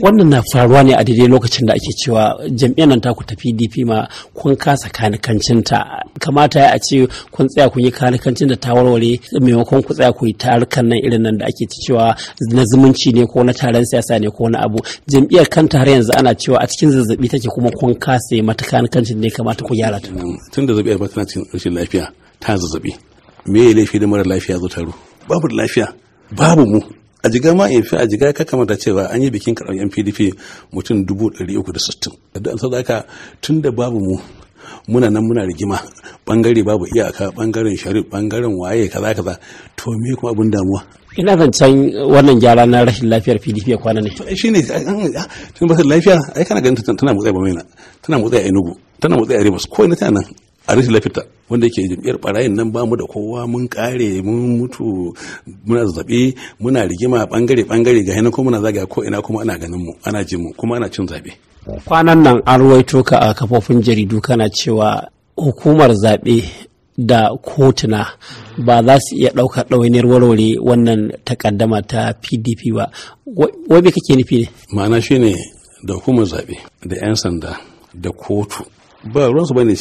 wannan na faruwa ne a daidai lokacin da ake cewa jam'iyyar nan taku ta pdp ma kun kasa kanikancin ta kamata ya a ce kun tsaya kun yi kanikancin da ta warware maimakon ku tsaya ku yi tarukan nan irin nan da ake cewa na zumunci ne ko na taron siyasa ne ko na abu jam'iyyar kanta har yanzu ana cewa a cikin zazzabi take kuma kun kasa yi mata kanikancin ne kamata ku gyara ta tun da zabi ba tana cikin rashin lafiya ta zazzabi me ya laifi da mara lafiya zo taro babu lafiya babu mu a jiga ma in fi a jiga ka kamata cewa an yi bikin karɓar yan pdp mutum dubu ɗari uku da sittin da sadaka tun da babu mu muna nan muna rigima bangare babu iyaka bangaren sharif bangaren waye kaza kaza to me kuma abin damuwa ina can wannan gyara na rashin lafiyar pdp ya kwana ne shi ne tun ba lafiya ai kana ganin tana motsa ba mai tana motsa a enugu tana motsa a rivers ko ina tana nan a rashin lafita wanda yake jam'iyyar barayin nan bamu da kowa mun kare mun mutu muna zaɓe muna rigima bangare bangare ga ko muna zagaya ko ina kuma ana ganin mu ana jin mu kuma ana cin zaɓe. kwanan nan an ruwaito ka a kafofin jaridu kana cewa hukumar zaɓe da kotuna ba za su iya ɗaukar ɗawainiyar warware wannan takaddama ta pdp ba wai me kake nufi ne ma'ana shine da hukumar zaɓe da 'yan sanda da kotu ba ruwansu ba ne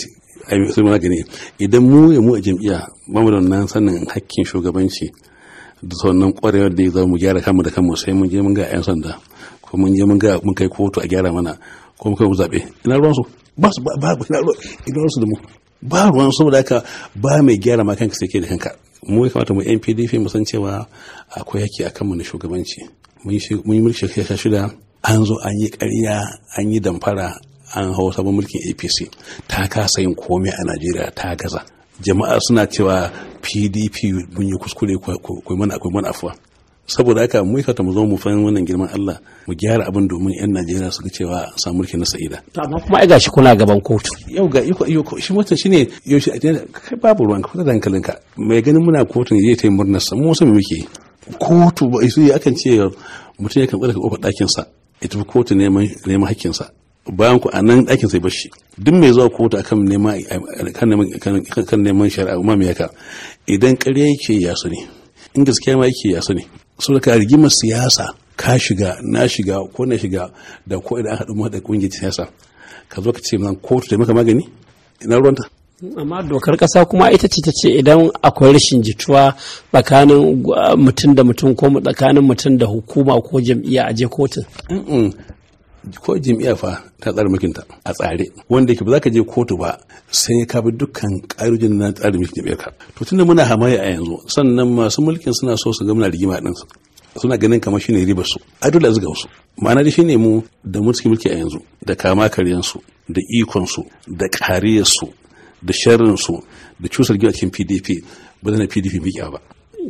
sai magani idan mu ya mu a jam'iyya ba mu da wannan sanin hakkin shugabanci da sannan kwarewar da zama mu gyara kanmu da kanmu sai mun je mun ga 'yan sanda ko mun je mun ga mun kai kotu a gyara mana ko mun kai mu zaɓe ina ruwan su ba su ba ba ina ruwan su da mu ba ruwan da aka ba mai gyara ma kanka sai ke da kanka mu ya kamata mu NPDP mu san cewa akwai hakki a mu na shugabanci mun yi mulki shekara shida an zo an yi ƙarya an yi damfara an hau sabon mulkin apc ta kasa yin komai a najeriya ta gaza jama'a suna cewa pdp mun yi kuskure kwai mana akwai mana afuwa saboda haka mu kata mu zo mu fahimci wannan girman Allah mu gyara abin domin yan Najeriya su ga cewa samu mulki na sa'ida to amma kuma ai gashi kuna gaban kotu yau ga iko iko shi wata shine yau shi kai babu ruwanka fita da hankalinka mai ganin muna kotu ne zai ta yi murnar sa mu san me muke kotu ba su akan ce mutum ya kan tsare kofar ɗakin sa ita tafi kotu neman neman hakkin sa bayan ku a nan ɗakin sai bashi duk mai zuwa kotu akan neman kan neman shari'a umar me yaka idan ƙarya yake ya sani in gaskiya ma yake ya sani saboda ka rigimar siyasa ka shiga na shiga ko na shiga da ko idan aka dumo da ƙungiyar siyasa ka zo ka ce man kotu da maka magani ina ruwanta amma dokar kasa kuma ita ce ta ce idan akwai rashin jituwa tsakanin mutum da mutum ko tsakanin mutum da hukuma ko jam'iyya a je kotun ko jami'a fa ta tsara mulkin ta a tsare wanda yake ba za ka je kotu ba sai ya kafa dukkan ƙa'idojin na tsara mulkin jami'ar ka to tunda muna hamayya a yanzu sannan masu mulkin suna so su ga muna rigima din suna ganin kamar shine ribar su a dole zuga wasu ma'ana da shine mu da mulki mulki a yanzu da kama kariyan su da ikon su da kariyar su da sharrin su da cusar gida cikin PDP ba zan PDP miƙa ba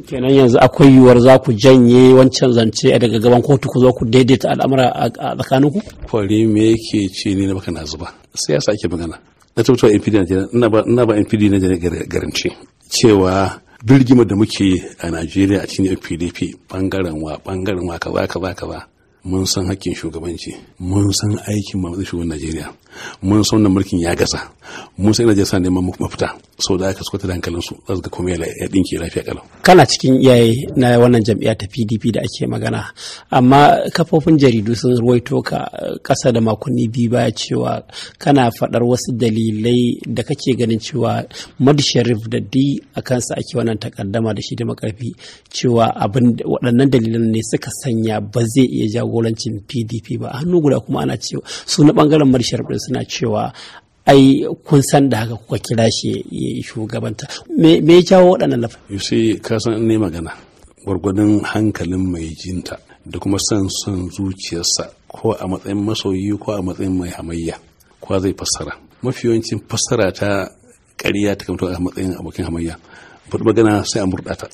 kenan yanzu akwai yiwuwar za ku janye wancan zance daga gaban kotu ku zo ku daidaita al'amura a tsakaninku kwari me yake ce ne na baka na zuba siyasa ake magana na tabbatar da Najeriya na ba ina ba na Najeriya garance cewa birgimar da muke a Najeriya a cikin PDP bangaren wa bangaren wa kaza kaza kaza mun san hakkin shugabanci mun san aikin mamatsin shugaban Najeriya mun san wannan mulkin ya gasa mun san ina jasa neman mafita sau da aka sukwata da hankalinsu za su ga komai ya dinki lafiya kalau. kana cikin iyaye na wannan jam'iyya ta pdp da ake magana amma kafofin jaridu sun ruwaito ka kasa da makonni biyu baya cewa kana faɗar wasu dalilai da kake ganin cewa madu sharif da di a kansa ake wannan takaddama da shi da makarfi cewa abin waɗannan dalilan ne suka sanya ba zai iya jagorancin pdp ba a hannu guda kuma ana cewa su na ɓangaren madu sharif suna cewa ai kun san da haka kuka kira shi shugabanta me ya jawo waɗannan lafa you see ka san ne magana gwargwadon hankalin mai jinta da kuma son son zuciyarsa ko a matsayin masoyi ko a matsayin mai hamayya kowa zai fassara mafi yawancin fassara ta ƙarya ta kamata a matsayin abokin hamayya faɗi magana sai a murɗa ta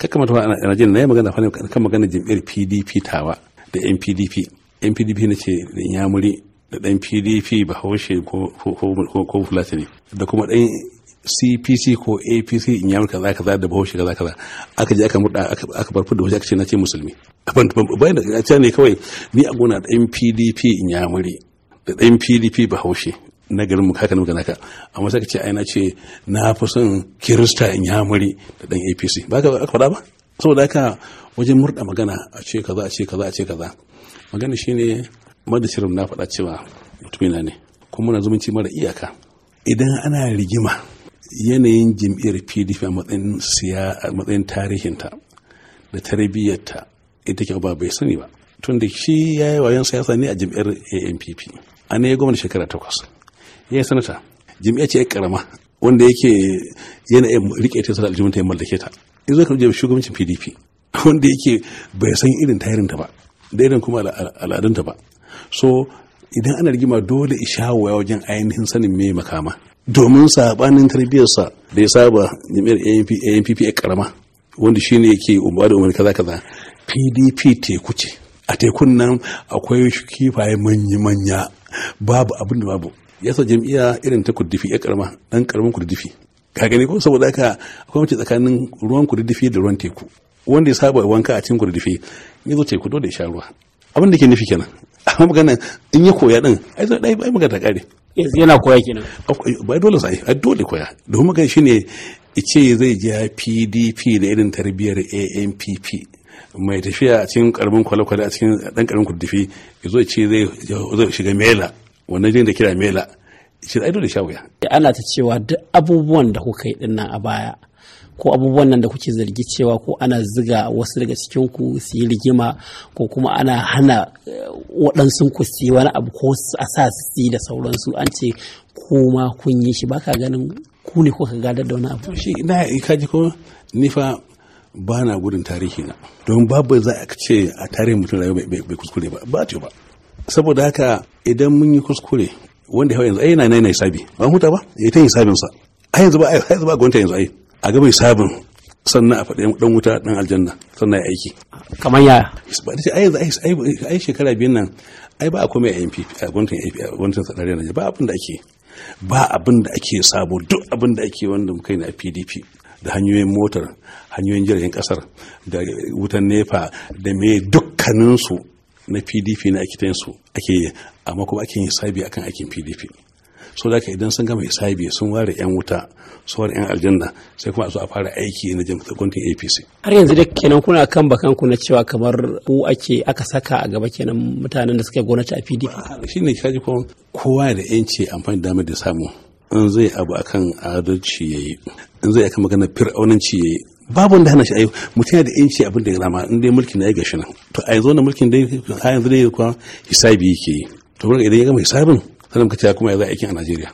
ka kamata a Najeriya na yi magana kan magana jam'iyyar PDP tawa da NPDP NPDP na ce da Inyamuri da ɗan pdp bahaushe ko fulatani da kuma ɗan cpc ko apc in yamur kaza kaza da bahaushe kaza kaza aka je aka murda aka barfi da wajen aka ce na ce musulmi bayan da ta ne kawai ni a gona ɗan pdp in yamuri da ɗan pdp bahaushe na garin muka haka na magana ka amma sai ka ce aina ce na fi son kirista in yamuri da ɗan apc ba ka faɗa ba saboda haka wajen murda magana a ce kaza a ce kaza a ce kaza magana shine mada shirin na faɗa cewa mutumina ne kuma na zumunci mara iyaka idan ana rigima yanayin jam'iyyar pdp a matsayin a matsayin tarihinta da tarbiyyarta ita kyau ba bai sani ba tun da shi ya yi wayan siyasa ne a jam'iyyar ampp a ne gwamnati shekara takwas ya yi sanata jam'iyyar ce ya karama wanda yake yana rike ta sada aljihun ta ya mallake ta in zai karɓi shugabancin pdp wanda yake bai san irin tayirinta ba da irin kuma al'adunta ba so idan ana rigima dole waya wajen ainihin sanin me makama domin sabanin tarbiyyarsa da ya saba jami'ar ANPP a karama wanda shine yake umar da umarni kaza kaza PDP teku ce a tekun nan akwai kifaye manya manya babu abin da babu sa jami'a irin ta kudufi ya karama dan karamin kudufi ka gani ko saboda haka akwai mace tsakanin ruwan kudufi da ruwan teku wanda ya saba wanka a cikin kudufi ya zo teku dole ya sha ruwa abin da ke nufi kenan amma magana in ya koya din ai zai dai magana ta kare yanzu yana koya kenan bai dole sai ai dole koya domin magana shine ice zai ja PDP da irin tarbiyyar ANPP mai tafiya a cikin karamin kwale-kwale a cikin dan karamin kurdifi yazo ce zai shiga mela wannan jin da kira mela shi ai dole sha wuya ana ta cewa duk abubuwan da kuka yi dinnan a baya ko abubuwan nan da kuke zargi cewa ko ana ziga wasu daga cikin ku su yi rigima ko kuma ana hana eh, waɗansu ku su yi wani abu ko a sa su yi da sauransu an ce ko ma kun yi shi baka ganin ku ne kuka gadar da wani abu shi ina kaji ko ni fa ba na gudun tarihi na don babu za a ce a tarihin mutum rayuwa bai kuskure ba ba ba saboda haka idan mun yi kuskure wanda yanzu ai yana nan yi sabi ba huta ba ya ta sabinsa a yanzu ba a yanzu ba gwanta yanzu ai a gaba sabon sannan a faɗi ɗan wuta ɗan aljanna sannan ya aiki kamar ya ba da ai yanzu ai shekara biyan nan ai ba a komai a NPP a gwamnatin NPP a gwamnatin tsadari Najeriya ba abin da ake ba abin da ake sabo duk abin da ake wanda muka yi na PDP da hanyoyin motar hanyoyin jiragen kasar da wutan nefa da me dukkaninsu na PDP na ake su ake yi amma kuma ake yin sabi akan aikin PDP so da idan sun gama hisabi sun ware yan wuta sun ware yan aljanna sai kuma a zo a fara aiki na gwamnatin apc har yanzu da kenan kuna kan bakan ku na cewa kamar ku ake aka saka a gaba kenan mutanen da suka gwamnati a pdp shine kaji ko kowa da yanci amfani da damar da samu in zai abu akan adalci yayi in zai akan magana fir'aunanci yayi babu wanda hana shi ayi mutum da yanci abin da ya rama in dai mulkin ya gashi nan to a yanzu na mulkin dai a yanzu dai kuwa hisabi yake yi to idan ya gama hisabin sannan ka ce kuma ya za aikin a najeriya